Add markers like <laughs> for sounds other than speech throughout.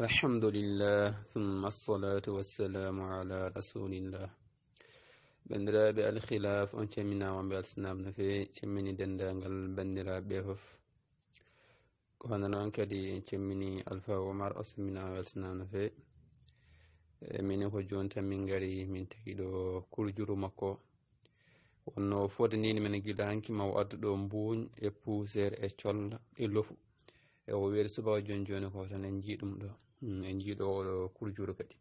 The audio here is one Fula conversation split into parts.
الحمد لله ثم الصلاة والسلام على رسول الله bandiraɓe alkhilaf on camminama be alsinab no fewi cammini dendagal bandiraɓe foof ko hanano on kadi en cammini alpha omar o samminama welsinama no fewi minen ko joni tan min gari min tagi ɗo kurjuru makko wonno fodanino men guila hanki ma o addu ɗo mbuuñ e pusére e colla e lofu e o weeri subaka joni joni ko tan en jii ɗum ɗo Mm, en jiiɗo oɗo kurjuro kadi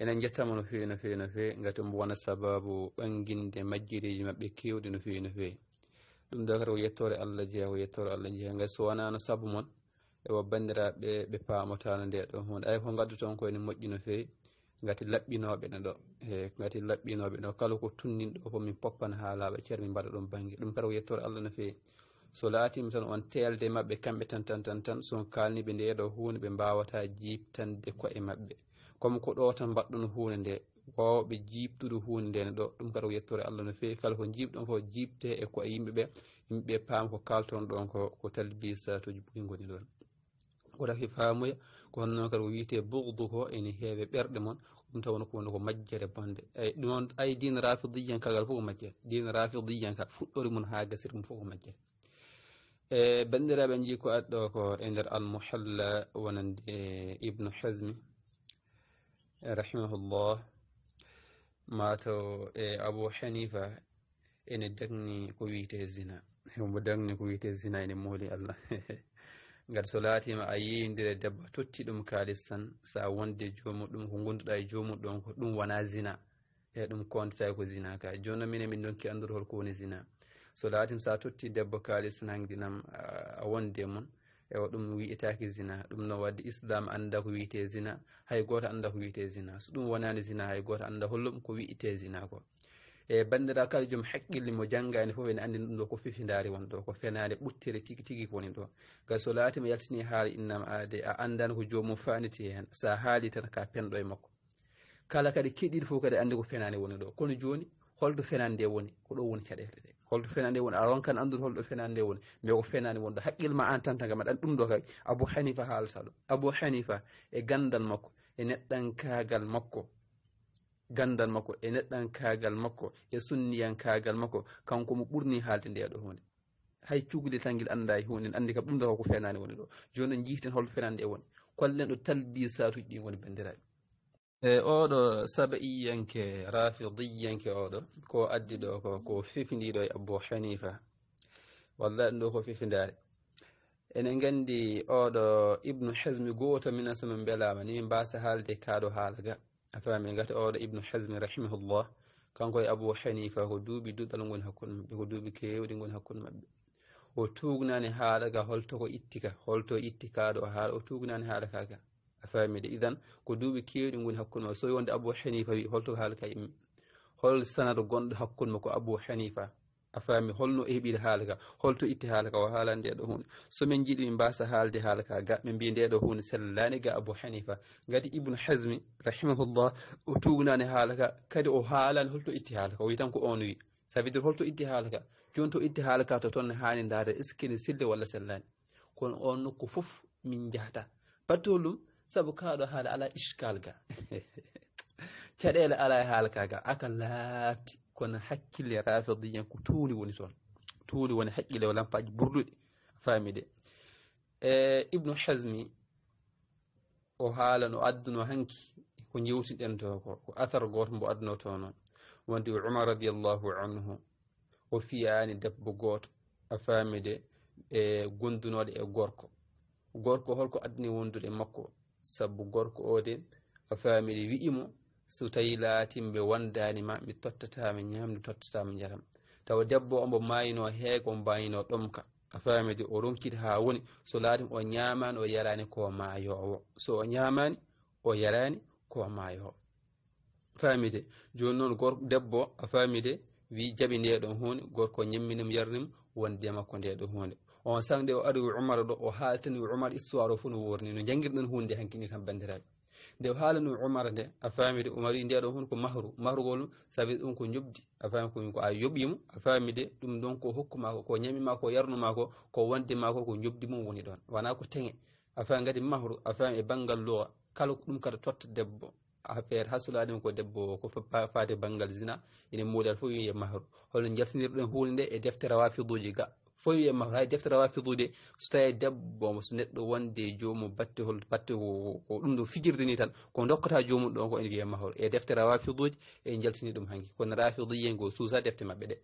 enen jettama no fewi no fewi no fewi gati omo wona sababu ɓanginde majjireji mabɓe kewɗi no fewi no fewi ɗum ɗo kata ko yettore allah jeeya ko yettore allah jeeya gati so wonano saabu moon ewo bandiraɓe ɓe paamotano nde ɗo hunde ay ko gaddu ton ko ene moƴƴi no fewi gati laɓɓinoɓe ne ɗo e gati laɓɓinoɓe ɗo kala ko tunnin ɗo fo min poppan haalaɓa ceer min mbaɗa ɗum bangge ɗum kata ko yettore allah no fewi so laatima tan on telde maɓɓe kamɓe tan tan tan tan son kalni ɓe ndeɗo hunde ɓe mbawata jiiptande ko e maɓɓe comme ko ɗo tan mbaɗɗon hunde nde wawɓe jiiptude hunde ndene ɗo ɗum kata ko yettore allah no fewi kala ko jiiɓɗon fof jiipte e ko e yimɓeɓe yimɓeɓe paama ko kaltoon ɗon ko ko talbisatuji ɓuyi goni ɗon kotafi faamuya ko honnoon kadi ko wiite bourdu ko ene heewe ɓerɗe moon ɗum tawon ko wonno ko majjere bonde eyi ɗumon ay dine rafidiyan kagal fof ko majjere dine rafidiyan ka fuɗɗori mum ha gasir mum fof ko majjere e bandiraɓe ji ko atɗo ko e nder almuhalla wonande ibnu hasmi rahimahullah mataw e abu hanifa ene dagni ko wiite zina omo dagni ko wiite zina ene mooli allah <laughs> ngati so laatima a yeyidira debba totti ɗum kalis tan sa wonde jomuɗum ko gonduɗa e jomuɗon ko ɗum wona zina e ɗum kontata ko zina ka joni minen min donki andur holko woni zina so latim sa totti debbo kalis nangdinam a wonde mun ewa ɗum wi'etaki zina ɗum no wadde islam anda ko wi'ete zina hay goto anda ko wi'ete zina so ɗum wonani zina hay goto anda hollum ko wi'ete zina ko e bandira kala jom haqqille mo janngani fof ene anndi ɗum ɗo ko fifindari won ɗo ko fenade ɓuttire tigi tigi woni ɗo ngam so laatima yaltini haala innama aade a anndani ko joomum faniti heen sa haali tan ka penɗo e makko kala kadi keɗiɗi fof kadi anndi ko fenade woni ɗo kono jooni holɗo fenande woni ko ɗo woni caɗele ɗe holto fenande woni a ronkan andude holɗo fenande woni mais ko fenani wonɗo haqqille ma an tan tan kam ɗum ɗo kay abou hanifa haalsa ɗo abou hanifa e gandal makko e neɗɗankagal makko gandal makko e neɗɗankagal makko e sunniyankagal makko kanko mo ɓurni haalde ndeɗo hunde hay cukalel tan guel anda e hunde andi kam ɗum ɗo ko fenani woni ɗo joni en jiiten holto fenande e woni kollen ɗo talbisatuji ɗi goni bandiraɓe e oɗo sabaiyanke rafidiyanke oɗo ko addi ɗo ko ko fifidiɗo e abou hanifa wallai ɗum ɗo ko fifidare enen gandi oɗo ibnu hesmi goto minasomin belama ni min mbasa haalde kaɗo haalaga a fami gati oɗo ibnu hesmi rahimahullah kanko e abou hanifa ko duuɓi duɗal goni hakkude maɓɓe ko duuɓi kewɗi goni hakkude maɓɓe o tugnani haalaga holto ko ittika holto itti kaɗo haala o tugnani haala kaga a idan ko duuɓi keewɗi ngoni hakkude ma so wonde abou hanifa wi holto ko haalaka immi hol sanad gonɗo hakkude ma ko abou hanifa a faami holno heɓiri haala ka holto itti haala ka o haala nde hunde somin jiiɗi min mbasa haalde haala ka ga min mbi nde hunde sellani ga abou hanifa gadi ibnu hasmi rahimahullah o tugnani haala ka kadi o haalani holto itti haala ka o wi tan ko on wi sa veut dire holto itti haala ka joni to itti haala ka to toon haani ndaare est ce que ne sille walla sellani kono on nokku foof min jahata battollum sabu kaɗo haala ala iskalga <laughs> caɗele ala e haalkaga aka laabti kono hakkille rafidiyen ko tuuli woni toon tuuli woni haqqille o e lampaji ɓurɗuɗi famide e ibnu hasmi o haala no adduno hanki ko jewtiɗen to ko ko athar goto mbo adduno to noon wonde umar radiallahu anhu o fiyani debbo goto a famide e gondunoɗe e gorko gorko holko addini wondude e makko sabu gorko oden a fawi miɗe wi'imo so tawi laati mɓe wandanima mi tottatami ñamde tottatami jaram tawa debbo ombo mayino heeko mbayino ɗomka a famide o ronkiti ha woni so laatimi o ñamani o yarani ko mayowo so o ñamani o yarani ko mayowo famide joni noon gor debbo a famide wi jaɓi ndeɗon hunde gorko ñamminimo yarnimo wondemakko ndeɗon hunde on sangde o ari umar ɗo o haalteni umar histoire o fo no worni no jangirɗen hunde hankkini tan bandiraɓe nde o haalani umar nde a famide umari ndiya ɗon hon ko mahru mahrugol ɗum saabi ɗum ko jobdi a fami ko a yoɓimo a famide ɗum ɗon ko hokku mako ko ñami ma ko yarnu mako ko wonde mako ko jobdi mum woni ɗon wona ko teŋe a fami kadi mahru a fami e banggal loa kala ko ɗum kada totta debbo affaire hasulaɗim ko debbo ko fate banggal zina ine muuɗal fo wiye mahru holno jaltinirɗen hunde nde e deftere wafiduji ga foyiyam e mako hay deftere wawi fidude so tawi debbo so neɗɗo wonde jomum batte hol batte ko ɗum ɗo fijirde ni tan ko dokkata jomum ɗon ko ene wiye mahol e deftere rafiduji e jaltini ɗum hanki kono rafidiye ngo suusa defte maɓɓe ɗe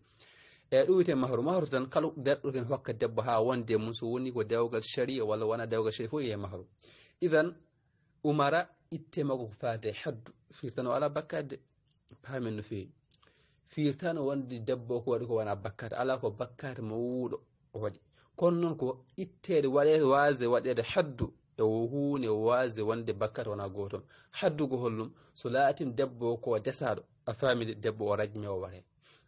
eyyi ɗum wiyete mahru mahru tan kala derɗo ken hokka debbo ha wonde mum so woni ko dewgal sharia walla wona dewgal sharia fof wiye mahru idan umara ittemako ko faade haddu firtan o ala bakkade paamen no feewi firtan wonde debbo ko waɗi ko wona bakkate ala ko bakkate mo wuuɗo waɗi kono noon ko ittede waɗede waase waɗede haddu e hunde waase wonde bakkata wona goton haddu haddugo hollum so laatim debbo ko desaɗo a faami debbo o rajme o ware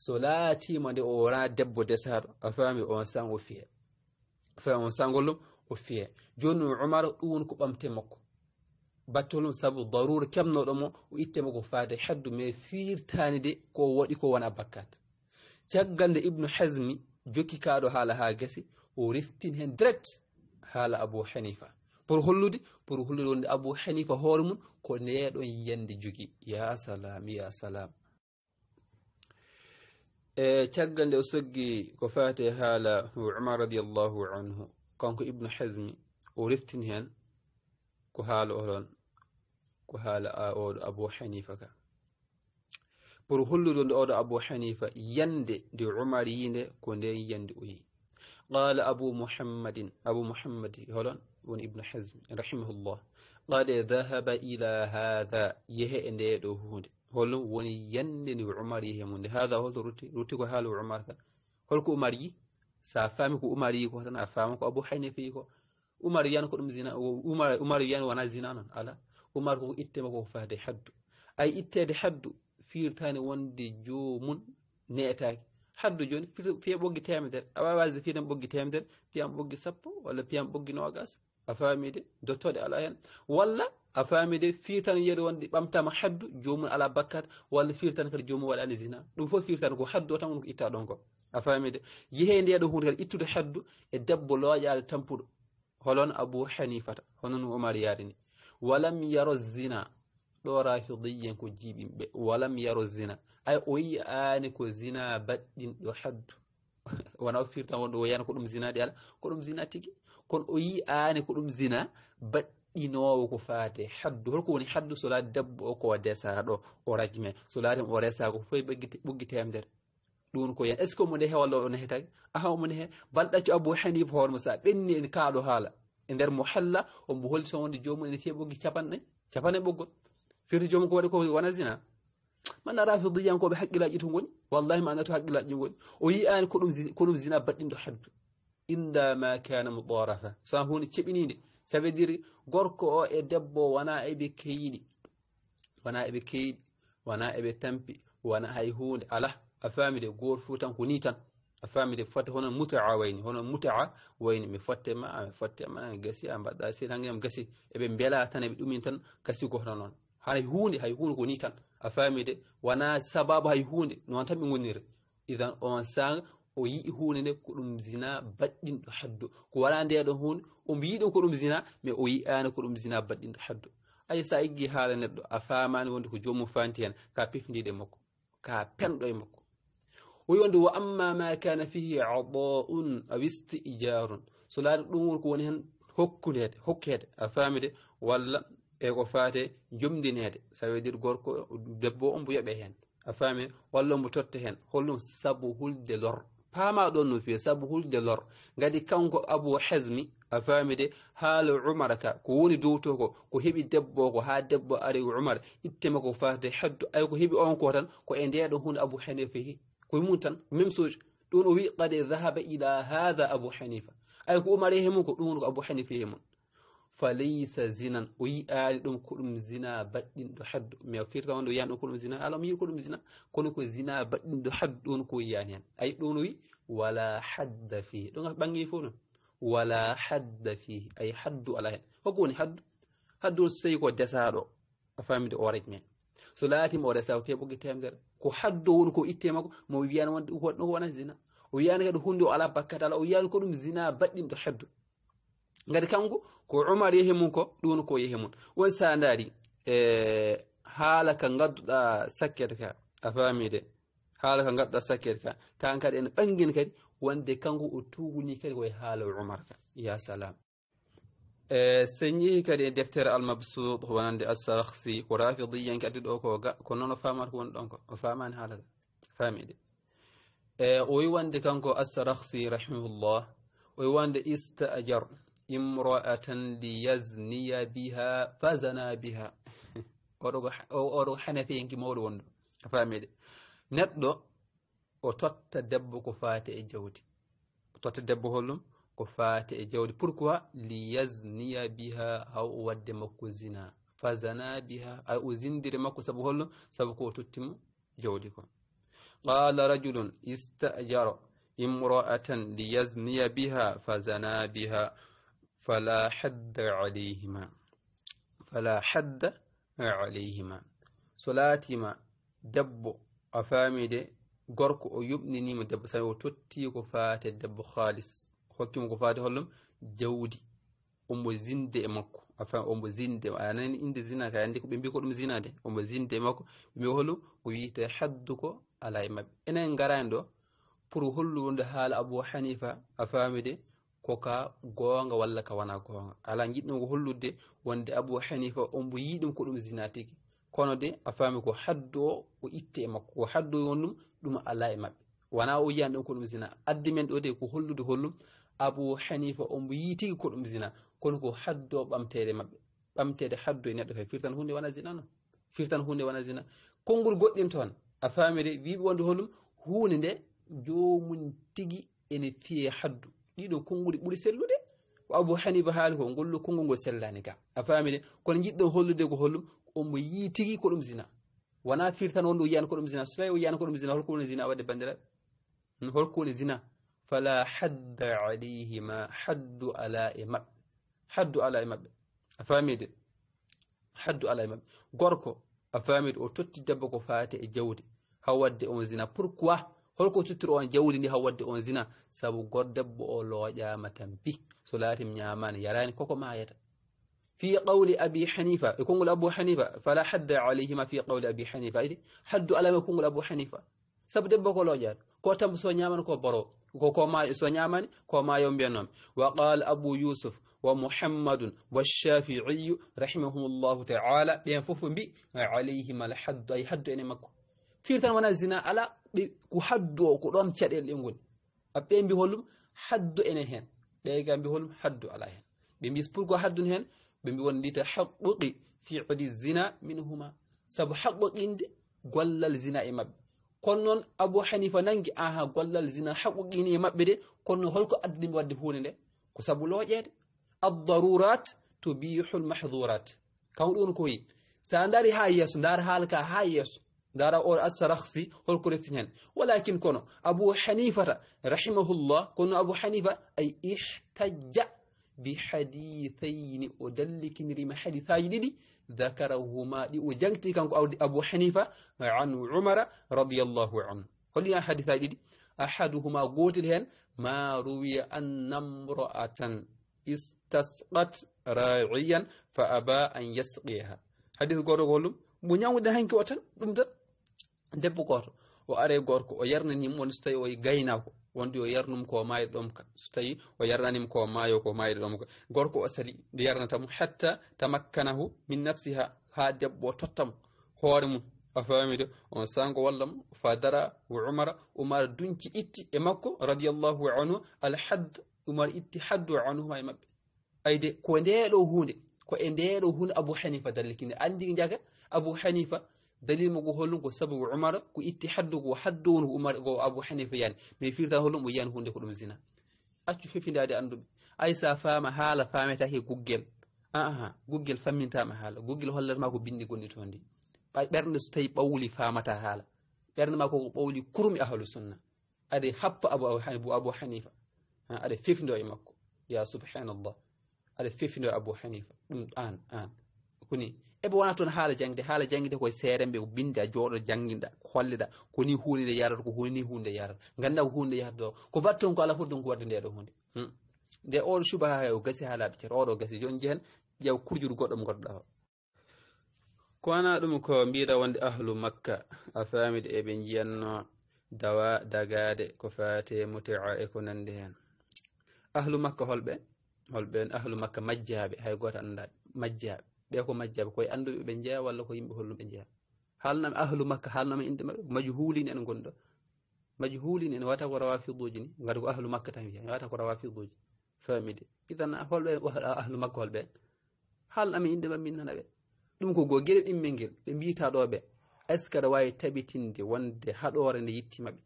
so laatima nde o wona debbo desaɗo a fami on san o fiye fami on san gollum o fiye joni umar ɗum won ko ɓamte makko battolum sabu darura kemnoɗo mo o ittema ko faade haddu mais firtani de ko waɗi ko wona bakkat caggal nde ibnu hasmi joki kaɗo haala ha gasi o reftin hen direct haala abou hanifa pour hollude pour hollude wonde abou hanifa hoore mum ko neɗon yiyande jogi ya salam ya salam e caggal nde o soggi ko fate haala umar radiallahu anhu kanko ibnu hasmi o reftini hen ko haala oɗon ko haala oɗo abou hanifa ka pour hollude nde oɗo abou hanifa yande nde umar yinde ko nden yande o yehi qala abou muhammadin abou muhammad holon woni ibnu hasm rahimahullah qale dahaba ila hatha yehe e nde ɗo hunde hollum woni yande nde umar yehi munde hatha holto rutti rutti ko haala umar ka holko umar yi sa faami ko umar yi ko tan a faama ko abou hanifa yi ko umar wiyani ko ɗum zina umar wiyani wona zina noon ala umar koko ittema koko fahde haddu ay ittede haddu firtani wonde joomum ne'etaaki haddu jooni fiya ɓoggi temedere a wawi wasde fiitan ɓoggi temedere piyam ɓoggi sappo walla piyam ɓoggi nogas a faamide dottode ala hen walla a faamide firtan yeru wonde ɓamtama haddu jomum ala bakkat walla firtan kadi jomum waɗani zina ɗum fof firtan ko haddu o tan won ko itta ɗon ko a faamide yehe nde ɗo hunde kadi ittude haddu e debbo looƴade tampuɗo holon abou hanifata honon omar yarini walam yaro zina ɗo rafidiyen ko jiɓimɓe walam yaro zina ay o yi ani ko zina baɗɗinɗo haddu <laughs> wona o firta wonɗo o yiyana ko ɗum zina ɗi ala ko ɗum zina tigi kono o yi ani ko ɗum zina baɗɗinowo ko faate haddu holko woni haddu so laade debbo o ko desaɗo o ragme so laade o resako foy e ɓoggi temdere ɗum ko yen est ce que omo nehe walla one he tagi aha omo nehe balɗaccu abou hanif hoorema sa ɓenni en kaaɗo haala e nder mo halla ombo holliton wonde jomum ene fiya ɓoggi capannayi capannayi ɓoggol firti jomum ko waɗi ko wona zina man ara fidiyankoɓe haqqillaji to goni wallahi ma anna to haqqillaji goni o yi'ani ko ɗum zina baɗɗinɗo haddu illa ma kana mudarafa so hunde ceɓinide ça veut dire gorko o e debbo wona eɓe keyiɗi wona eɓe keyiɗi wona eɓe tampi wona hay hunde ala a famide goto fo tan ko ni tan a famide fotte hono mutaa wayni hono mutaa wayni mi fotte ma mi fotte ma gasi a mbaɗɗa sina gam gasi eɓe beela tan eɓe ɗumin tan kasi goto noon hay hunde hay hunde ko ni tan a famide wona sababu hay hunde noon tan ɓe gonniri ihan on sanga o yii hunde nde ko ɗum zina baɗɗinɗo haddo ko wala ndeɗon hunde omo yii ɗum ko ɗum zina mais o yiyani ko ɗum zina baɗɗinɗo haddo ay sa eggi haala neɗɗo a famani wonde ko jomum fanti hen ka pefndiɗe makko ka penɗo e makko o wiwonde wa amma ma kana fihi adaun aw istijarun so laade ɗum woni ko woni hen hokkudede hokkede a famide walla e ko faate jomdineede ça veut dire gorko debbo on bo yoɓe hen a faami walla mbo totto hen holɗum sabu hulde lor paama ɗon no fewi sabu hulde lor ngadi kanko abou hesmi a faami de haala umara ka ko woni dow ko heɓi debbo ko haa debbo ari umar ittema ko faate heddo ay ko heɓi on ko tan ko e ndeɗo hunde abu hanifa hi ko mum tan même chose ɗum o wi qad dahaba ila hada abu hanifa ay ko umar e ɗum woni ko abu hanifa hemum فليس زنا وي آل دم كلم زنا بدن دحد ميوكير تون ويان كلم زنا على مي كلم زنا كل كل زنا بدن دحد دون كوي يعني أي دون وي ولا حد فيه دون بانجي فون ولا حد فيه أي حد على هن وكون حد حد سيق ودسارو أفهم دو أوريك مين so laati mo resa ko bugi temder ko haddo won ko itema ko mo wiyan won ko wona zina o wiyan kadu hundo ala bakkata o wiyan ko dum zina baddin to ngadi kanko ko umar yehemun ko ɗum ko yehemun won sa ndaari e haala ka ngadduɗa sakkete ka a faamide haala ka ngadduɗa sakkete ka kan kadi ene ɓangin kadi wonde kanko o tuuguni kadi koye haala umar ka ya salam e sen yehi kadi e deftere almabsud wonande assarahsi ko rafidiyan kadi ɗo ko ga ko noon o faamata ko woni ɗon ko o faamani haala ka faamide e o wi wonde kanko assarahsi rahimahullah o wi wonde istajar imra'atan liyazniya biha fazana biha <laughs> oɗo ko hanafeyenki mawɗo wonɗo a famiɗe neɗɗo o totta debbo ko fate e jawdi o totta debbo hollum ko fate e jawdi pourquoi liyazniya biha haw o wadde makko zina fazana biha a o zindire makko saabu hollum saabu ko o tottimo jawdi ko qala rajulun istajara imra'atan liyazniya biha fazana biha fala hadda alayhima fala hadda alayhima so laatima debbo a faamide gorko o yuɓninima debbo sabi o totti ko faate debbo khalis hokkimo ko faate hollum jawdi ombo zinde e makko afam ombo zinde a nani inde zina ka andi koɓe mbi ko ɗum zina de ombo zinde e makko ɓe mbi hollum ko wiyte haddu ko ala e mabɓe enen garani ɗo pour hollu wonde haala abou hanifa a faamide koka goonga walla ka wana goonga ala jiɗɗum ko hollude wonde abou hanifa o mbo yii ɗum ko ɗum zina tigi kono de a faami ko haddo o o itte e makko ko haddo e on ɗum ɗum ala e maɓɓe wona o yiyani ɗum ko ɗum zina addi men ɗo de ko hollude hollum abou hanifa o mbo yii tigi ko ɗum zina kono ko haddo ɓamtede maɓɓe ɓamtede haddo e neɗɗo kay firtan hunde wona zina no firtan hunde wona zina konngol goɗɗin toon a faami de wiiɓe wonde hollum hunde nde jomum tigi ene fiye haddu ɗiɗo konnguɗi ɓuri sellude ko abu hanifa haali ko ngollu konngol ngol sellani kam a faamide kono jiɗɗo hollude ko hollum omo yii tigi ko ɗum zina wona fir tan wonɗo yiyani ko ɗum zina so tawi o yiyani ko ɗum zina holko woni zina wadde bandiraɓe holko woni zina fala hadda alayhima haddu ala e maɓɓe haddu ala e maɓɓe a famide haddu ala e maɓɓe gorko a famide o totti debbo ko faate e jawdi haw wadde on zina pourquoi holko tuttur on jawdi ndi haw wadde on zina sabu goddebbo o looƴama tampi so laatim ñamani yarani koko mayata في قول أبي حنيفة يكون أبو حنيفة فلا حد عليهما في قول أبي حنيفة حد على ما يكون أبو حنيفة سبب بقول أجل كوتم سونيامان كو برو كو ما سونيامان كو ما يوم بينهم وقال أبو يوسف ومحمد والشافعي رحمهم الله تعالى بينفوف بي عليهما الحد أي حد إن مكو فيرتان وانا زنا على ku haddu o ko ɗon caɗele ɗe ngoni aɓɓe mbi hollum haddu enen hen ɓeyga mbi haddu ala hen ɓe mbi pourquoi haddun hen ɓe mbi won haqquqi fi udi zina minhuma saabu haqquqinde gollal zina e maɓɓe kono noon abou hanifa nangi aha gollal zina haqquqini e maɓɓe de konnon holko addaniɓe wadde hunde nde ko saabu looƴede addarurat to bihul mahdurat kan ɗon ko yi sa dari ha yeeso dar haala ka ha yeeso دارا اور اس رخصي هول كريتين ولكن كونو ابو حنيفه رحمه الله كونو ابو حنيفه اي احتج بحديثين ادلك نري محدثاي ديدي ذكرهما دي وجنتي كان ابو حنيفه عن عمر رضي الله عنه قال يا حديثاي ديدي احدهما قوتل هن ما روي ان امراه استسقت راعيا فابى ان يسقيها حديث غورو غولم مو نيامو دهانكي واتن دم debbo goto o are gorko o yarnanimo woni so tawi o gaynako wonde o yarnum ko mayi ɗom ka so tawi o yarnanima ko maayo ko mayiɗo ɗom ka gorko o sali nde yarnatamo hatta tamakkanahu min nafsiha ha debbo o tottamo hoore mum a famide on sango wallam fadara wo umara umar dunki itti e makko radiallahu anhu alhadd umar itti haddu anhuma e mabɓe ayde ko ndeɗo hunde ko e ndeɗo hunde abou hanifa dalliki andi jaga abou hanifa dalima go hollum ko sabugo umara ko itti haddugo haddowon umar go abou hanifa yani mais firta hollum o yiyani hunde ko ɗum zina accu fefidade anduɓe ay sa faama haala faametake guggel aa guggel fammintama haala guggel hollatma ko bindi gonɗi toon ndi ɓernde so tawi ɓawli faamata haala ɓernde ma koko ɓawli kurmi ahlu sunna aɗa happa abu abou hanifa aɗa fefdo e makko ya subhanallah aɗa fefdo abou hanifa ɗum an an koni eɓe wona toon haala jangde haala jangde koye seerembe binde a jooɗo jangginɗa holliɗa koni hunde nde yarata ko honi hunde yarata ganda ko hunde nde yahatata o ko batton ko ala fotdon ko wadde nde ɗo hunde hmm. nde oɗo suba o gasi ha laaɓe ceer oɗo gasi joni jehen ƴew kurjudu goɗɗo mo goɗɗoɗa o ko wana ɗum ko mbira wonde ahlu makka a famide eɓe jiyanno dawa dagade ko fate motea e ko nandi hen ahlu makka holɓe holɓe ahlu makka majjaɓe hay goto annda majjaɓe ɓe ko majjaɓe koye anduɓe ɓe jeeya walla ko yimɓe holnuɓe jeeya haalnama ahlu makka haalnama inde maɓɓe maju huulini en gonɗo maju huulini en wata ko rawafiduji ni gati ko ahlu makka tan wiya wata ko rawafiduji famide itan holɓe ahlu makka holɓeen haalnami inde maɓe min nana ɓe ɗum ko go gueɗe ɗimmel ngel ɓe mbiyta ɗo ɓe est ce que aɗa wawi tabitinde wonde haɗore nde yittimaɓe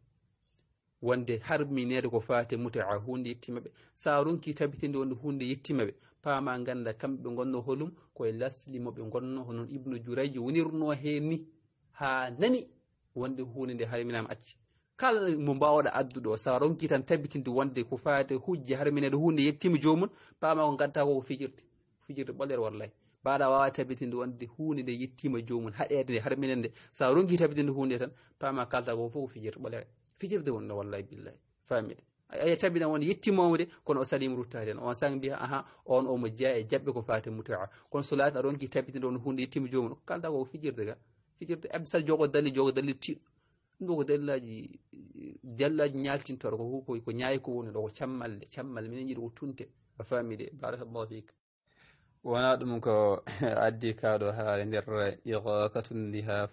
wonde harminede ko fate mutaa hunde yettimaɓe sa runki tabitinde wonde hunde yettimaɓe paama ngannda kamɓe gonno holum koye lasli mo ɓe gonno honoon ibnu juraji wonirno hen ni haa nani wonde hunde nde harminama acci kala mo mbawɗa adduɗo sa ronki tan tabitinde wonde ko fayde hujje harminede hunde yettima jomum paama ko gadda koko fijirde fijirde ɓolere wallahi mbaɗa wawa tabitinde wonde hunde nde yettima jomum haɗede nde harminede nde sa ronki tabitinde hunde tan paama kalta koko fo ko fijirde ɓolere fijirde wonno wallahi billahi famide aya tabina woni yettimawde kono o salima ruttade on sang mbiya ahan on omo jeeya e jaɓɓe ko fate mutaa kono so laatin aɗon ki tabitide on hunde yettima jomum ko kalda koko fijirde ga fijirde absal jogo dalil jogo dalil tiɗɗo ɗum ɗo ko dalilaji dallaji ñaltintoɗo ko huko ko ñaayi ko wonde ɗo ko cammalle cammalle minen jiɗi ko tunte a fami de barakallahu fik wona ɗum ko <laughs> addi kaɗo haare nder iqaka tundi haa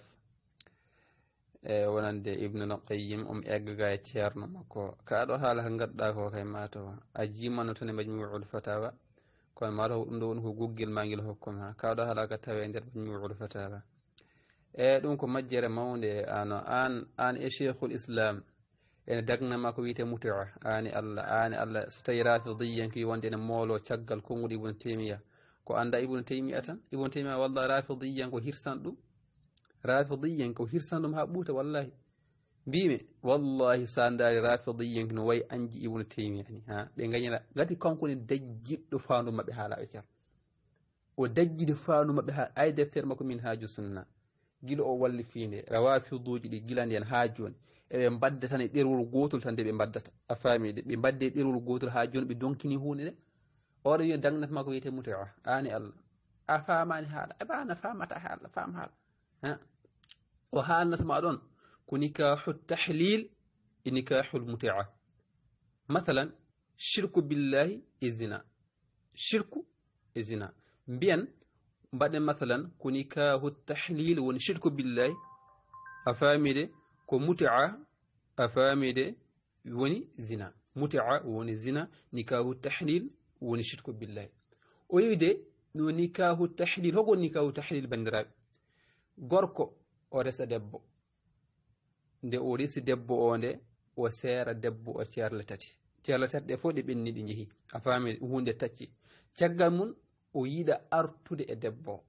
e wonande ibnul qayim omo eggaga e ceerno makko ka ɗo haala ka gadduɗa ko kay mataw a jimano tan e majmuul fatawa kono mataw ɗum ɗo woni ko goggel ma ngel hokkuma ka ɗo haala ka tawe e nder majmuul fatawa e ɗum ko majjere mawnde ano an an e cheikhul islam ene dagnama ko wiyete mutia ani allah ani allah so tawi rafidiyanki wonde ene moolo caggal konguɗo ibnu taimiya ko anda ibnu taimiya tan ibnu taimiya walla rafidiyan ko hirsan ɗum رافضيا كوهير سانم هابوتا والله بيمي والله سانداري رافضيا نوي انجي ابن تيمي يعني ها لينغينا غادي كونكون دجي دفانو مبي هالا وكر ودجي دفانو مبي هالا اي دفتر مكو من هاجو سنة جيل او والي فين رافضو جيل جيلان ين هاجون ebe mbaddata ne derul gotul tan de be mbaddata afami de be mbadde derul gotul ha joni be donkini huune de ore yo dangnat mako wiite muti'a ani allah afama ni hala e bana famata hala fam hala ha وهانت معدون كنكاح التحليل نكاح المتعة مثلا شرك بالله الزنا شرك الزنا بين بعد مثلا كنكاح التحليل ونشرك بالله أفامد كمتعة أفامد وني زنا متعة وني زنا نكاح التحليل ونشرك بالله ويدي نكاح التحليل هو نكاح التحليل بندراب غوركو o resa debbo nde o risi debbo o nde o seera debbo o cerle tati cerle tati ɗe fo ɗe ɓenni ɗi jehi a faami hunde tacci caggal mum o yiɗa artude e debbo o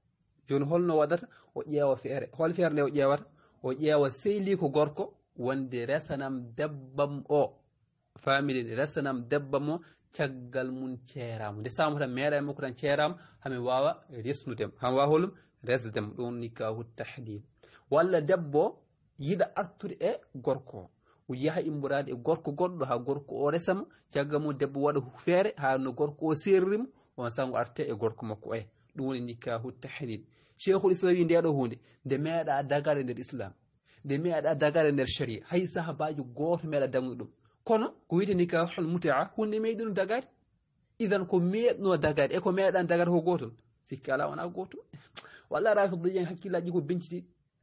joni holno wadata o ƴeewa feere hol feere nde o ƴeewata o ƴeewa sehliko gorko wonde resanam debbam o famili resanam debbam o caggal mum ceeramu nde saamu tan meeɗa e makko tan ceeramu hami wawa resnudem hami wawa holum resdem ɗum nikahu tahdib walla debbo yiɗa artude e gorko o yaha immorade e gorko goɗɗo ha gorko o resama caggal mum debbo waɗa feere ha no gorko o serrimo on sango arte e gorko makko e ɗum woni nikahu tahnid cheikhul islam wi ndeɗo hunde nde meeɗa dagare nder islam nde meeɗa dagare nder sharia hay sahabaji goto meeɗa dagude ɗum kono ko wiyete nikahul mutaa hunde meeɗi ɗum dagade idan ko meeɗno dagade eko meeɗan dagade ko gotol sikki ala wona gotol walla rafidijen hakkillaji ko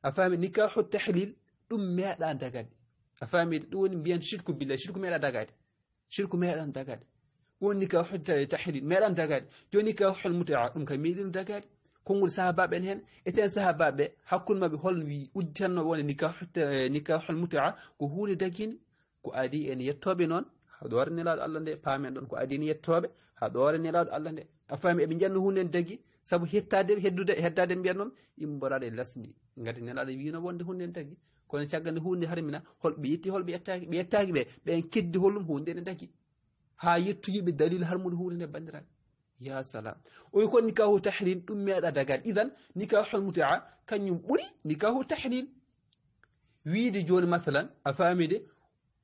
أفهم النكاح التحليل دم ما لا أنت قاعد أفهم دون بين شركوا بالله شركوا ما لا أنت قاعد شركوا ما لا أنت قاعد والنكاح التحليل ما لا أنت قاعد جو النكاح المتعة أم كميل أنت قاعد كونوا سهابا بينهن إتن سهابا حكون ما بيحول وي ودشان وان النكاح النكاح المتعة كهول دكين كأدي أن يتوبنون هدوار نلاد الله ده فهم عندهم كأدي أن يتوب هدوار نلاد الله ده أفهم ابن جنون هون دكين sabu hettade heddude heddade mbiyan noon yimɓe mboɗaɗo e lasmi gati nelaɗo wino wonde hunde en tagi kono caggal nde hunde harmina holɓe yetti holɓe yettaki ɓe yettaki ɓe ɓen keddi hollum hunde ene tagi ha yettuyiɓe dalil harmude hunde nde bandiraɓe ya salam oyi ko nikahu tahlil ɗum meeɗa dagal idan nikahul mutaa kañum ɓuuri nikahu tahlil wiide joni mathalan a famide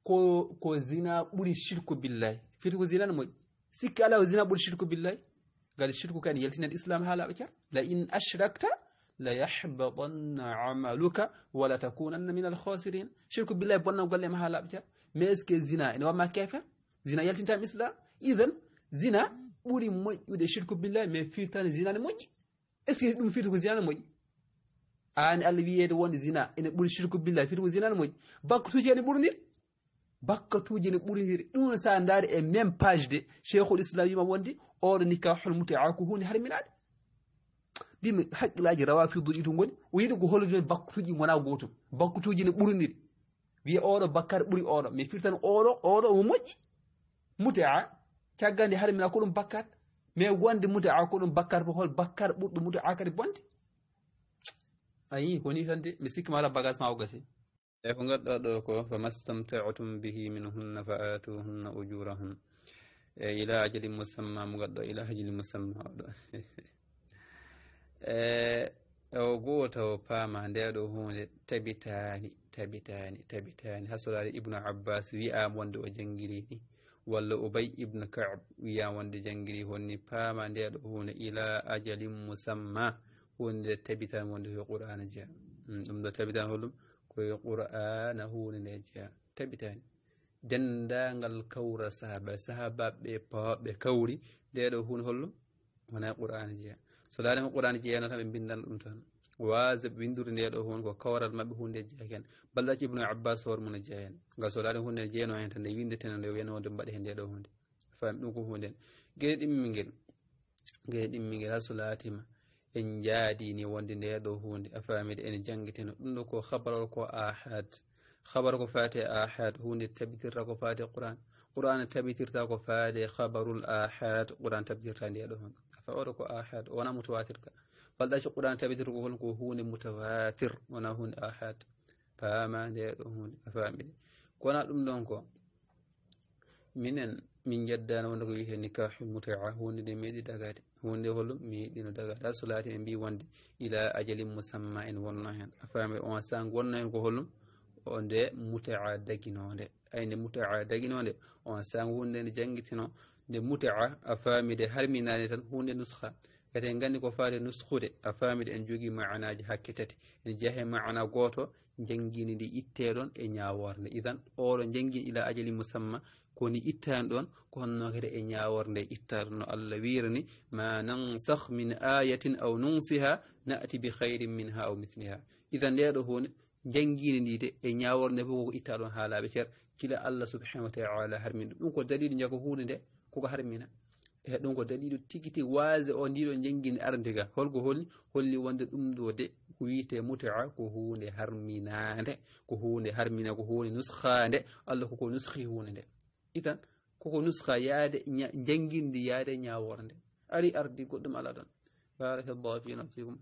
ko ko zina ɓuuri shirku billahi fiti ko zina ne moƴƴi sikki ala ko zina ɓuuri shirku billahi قال الشرك كان يلتين الإسلام هلا بكر لئن أشركت ليحبطن عملك ولا تكونن من الخاسرين شرك بالله بوانا وقال لهم هلا بكر ما اسك الزنا إن يعني وما كيف زنا يلتين تام إسلام إذن زنا بوري موي ودي شرك بالله ما في تاني زنا موي اسك دم في زنا موي أنا اللي بيد وان زنا إن بوري شرك بالله في زنا موي باكتو جاني بورني bakka tuujini ɓuri ndiri ɗum sa ndaari e même page de cheikhul islamima wondi oɗo nikahul mutaaku hunde harminaɗe mbimi haqqillaji rawa fiduɗi to goni o yiɗi ko hollude bakkutuji gona gotum bakkutuji ne ɓurndiri wiya oɗo bakkare ɓuri oɗo mi firtan oɗo oɗo omo moƴƴi mutaa caggal nde harmina ko ɗum bakkat mais wonde mutaa ko ɗum bakkat fo hol bakkare ɓurɗo mutaa kadi bonde ayi koni tan de mi sikki mala gasi eyi ko ngannduɗaa ɗo ko fa mastamtaatum bihi minhunna fa atuhunna ujurahun e ila ajali musamma mo ngannduɗa ila ajali musamma oɗo <laughs> e o goo taw paama nde ɗo hunde tabitaani tabitaani tabitaani ha solaade ibnu abbas wiyaama wonde o janngirii ni walla obay ibnu kab wiyaama wonde janngirii honni paama nde ɗo hunde ila ajalin musamma hunde tabitaani wonde ho qur'ana jeeɗo mm, ɗum ɗo tabitaani holɗum koye qur'anahu neneje tabitani dendangal kawra sahaba sahabaɓe pawaɓe kawri ndeɗo hunde hollo wona qur'an jeeya so laanima qur'an jeeyano tan ɓe mbindana ɗum tan waseɓe windude ndeɗo hunde ko kawral mabɓe hundee jeeya hen ballaji ibnu abbas hoore mum ne jeeya hen ngal so laanima hunde ne jeeyano hen tan nde windeteno nde wiyano wonde mbaɗe hen ndeɗo hunde fami ɗum ko hunde hen gueɗe ɗimmi guel gueɗe ɗimmi guel ha so laatima en jaadini wonde nde ɗo hunde a faamide ene jangiteno ɗum ɗo ko habarol ko ahad habar ko fate ahad hunde tabitirta ko fate quran qur'an tabitirta ko faade habarul ahad qur'an tabitirta nde ɗo hon afa oɗo ko ahad wona mutawatir ka falɗaci qur'an tabitirko hon ko hunde mutawatir wona hunde ahad faama nde ɗo hunde a faamide kona ɗum ɗon ko minen min jaddano wonde ko wiyete nikahu mutaa hunde nde meeɗi dagade hunde hollum mi yiɗino dagade ha so laati en mbi wonde ila ajali musamma en wonno hen a fami on sang wonno hen ko hollum o nde mutaa daginode ayde mutaa daginode on sang hunde nde jangguitino nde mutaa a famide harminani tan hunde nusha kadi en gandi ko faade nuskude a faamiɗo en jogii maanaji hakke tati en jeehe maana goto jangini ndi itteɗon e ñaworde idan oɗo jangini ila ajali musamma koni ittani ɗon ko honno kadi e ñaworde ittaɗo no allah wirani ma nansakh min ayatin aw nunsiha nati bi hayrin minha aw misliha idan ndeɗo hunde jangini ndi de e ñaworde fof koko itta ɗon ha laaɓe ceer kila allah subhanahu wa taala harmini ɗum ɗum ko dalili jago hunde nde koko harmina heɗongo daɗiɗo tigiti waasa o ndiɗo jengini ardiga holko holni holli wonde ɗum ɗo de ko wiite mutaa ko hunde harminande ko hunde harmina ko hunde nuskha nde allah koko nuskhi hunde nde itan koko nuskha yaade jangindi yaade ñawore nde ari ardi goɗɗum ala ɗon baraka llahu fina fikum